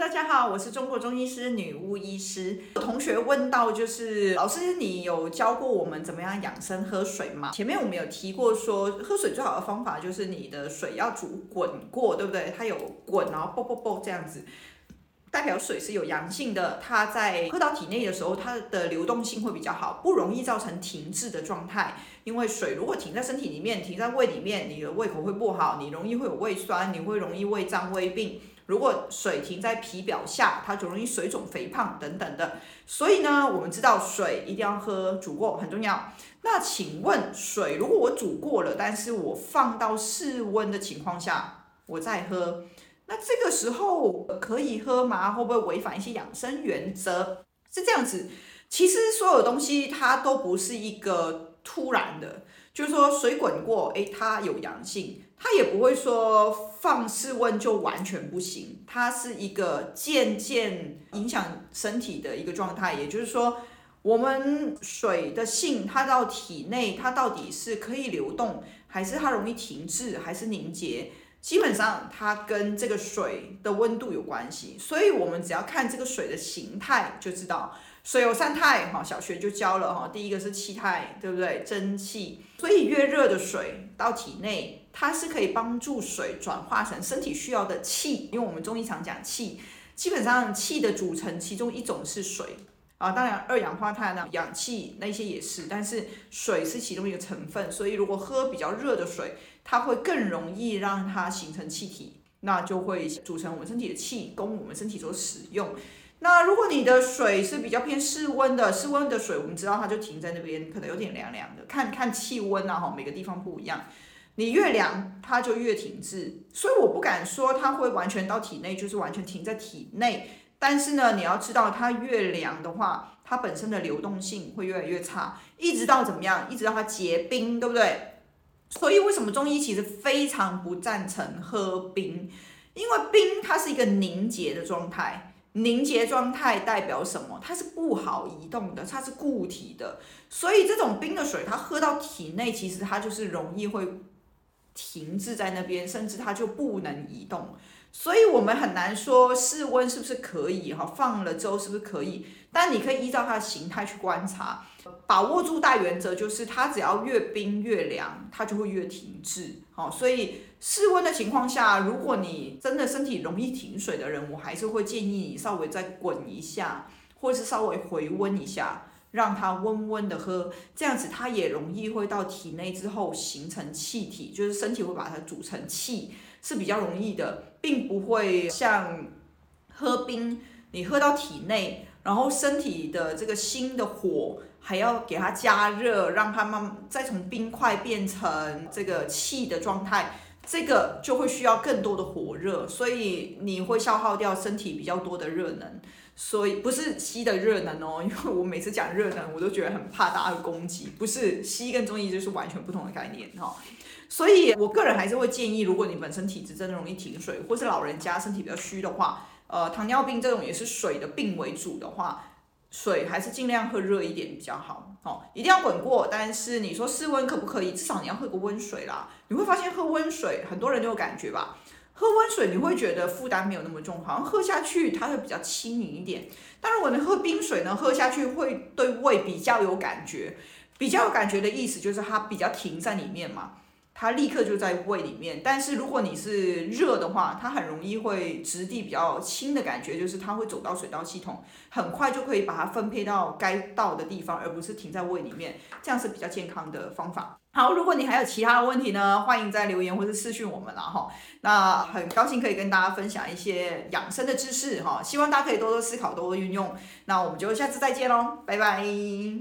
大家好，我是中國中醫師女巫醫師。有同學問到，就是老師，你有教過我們怎麼樣養生喝水嗎？前面我們有提過說，說喝水最好的方法就是你的水要煮滾過，對不對？它有滾，然後啵啵啵這樣子，代表水是有陽性的。它在喝到體內的時候，它的流動性會比較好，不容易造成停滯的狀態。因為水如果停在身體裡面，停在胃裡面，你的胃口會不好，你容易會有胃酸，你會容易胃脹胃病。如果水停在皮表下，它就容易水腫、肥胖等等的。所以呢，我們知道水一定要喝，煮過很重要。那請問，水如果我煮過了，但是我放到室溫的情況下，我再喝，那這個時候可以喝嗎？會不會違反一些養生原則？是這樣子。其實所有東西它都不是一個突然的。就是說水滾過，欸，它有陽性，它也不會說放室溫就完全不行，它是一個漸漸影響身體的一個狀態。也就是說，我們水的性，它到體內，它到底是可以流動，還是它容易停滯，還是凝結？基本上它跟這個水的溫度有關係，所以我們只要看這個水的形態就知道。水有三態，哈，小學就教了哈。第一個是氣態，對不對？蒸汽。所以越熱的水到體內，它是可以幫助水轉化成身體需要的氣。因為我們中醫常講氣，基本上氣的組成其中一種是水啊。然後當然，二氧化碳呢、氧氣那些也是，但是水是其中一個成分。所以如果喝比較熱的水，它會更容易讓它形成氣體，那就會組成我們身體的氣，供我們身體所使用。那如果你的水是比較偏室溫的，室溫的水，我們知道它就停在那邊，可能有點涼涼的。看看氣溫啊，哈，每個地方不一樣。你越涼，它就越停滯，所以我不敢說它會完全到體內，就是完全停在體內。但是呢，你要知道，它越涼的話，它本身的流動性會越來越差，一直到怎麼樣？一直到它結冰，對不對？所以為什麼中醫其實非常不贊成喝冰？因為冰它是一個凝結的狀態。凝結狀態代表什麼？它是不好移動的，它是固體的。所以這種冰的水，它喝到體內，其實它就是容易會。停滯在那邊，甚至它就不能移動，所以我們很難說室溫是不是可以哈，放了之後是不是可以。但你可以依照它的形態去觀察，把握住大原則，就是它只要越冰越涼，它就會越停滯。好，所以室溫的情況下，如果你真的身體容易停水的人，我還是會建議你稍微再滾一下，或者是稍微回溫一下。讓它溫溫的喝，這樣子它也容易會到體內之後形成氣體，就是身體會把它煮成氣是比較容易的，並不會像喝冰，你喝到體內，然後身體的這個心的火還要給它加熱，讓它慢慢再從冰塊變成這個氣的狀態。這個就會需要更多的火熱，所以你會消耗掉身體比較多的熱能，所以不是西的熱能哦。因為我每次講熱能，我都覺得很怕大家攻擊，不是西跟中醫就是完全不同的概念哈、哦。所以我個人還是會建議，如果你本身體質真的容易停水，或是老人家身體比較虛的話，呃，糖尿病這種也是水的病為主的話。水還是盡量喝熱一點比較好哦，一定要滾過。但是你說室溫可不可以？至少你要喝個溫水啦。你會發現喝溫水，很多人都有感覺吧？喝溫水你會覺得負擔沒有那麼重，好像喝下去它會比較輕盈一點。但如果你喝冰水呢？喝下去會對胃比較有感覺，比較有感覺的意思就是它比較停在裡面嘛。它立刻就在胃裡面，但是如果你是熱的話，它很容易會質地比較輕的感覺，就是它會走到水道系統，很快就可以把它分配到該到的地方，而不是停在胃裡面，這樣是比較健康的方法。好，如果你還有其他的問題呢，歡迎在留言或是私訊我們了、啊、哈。那很高興可以跟大家分享一些養生的知識哈，希望大家可以多多思考，多多運用。那我們就下次再見嘍，拜拜。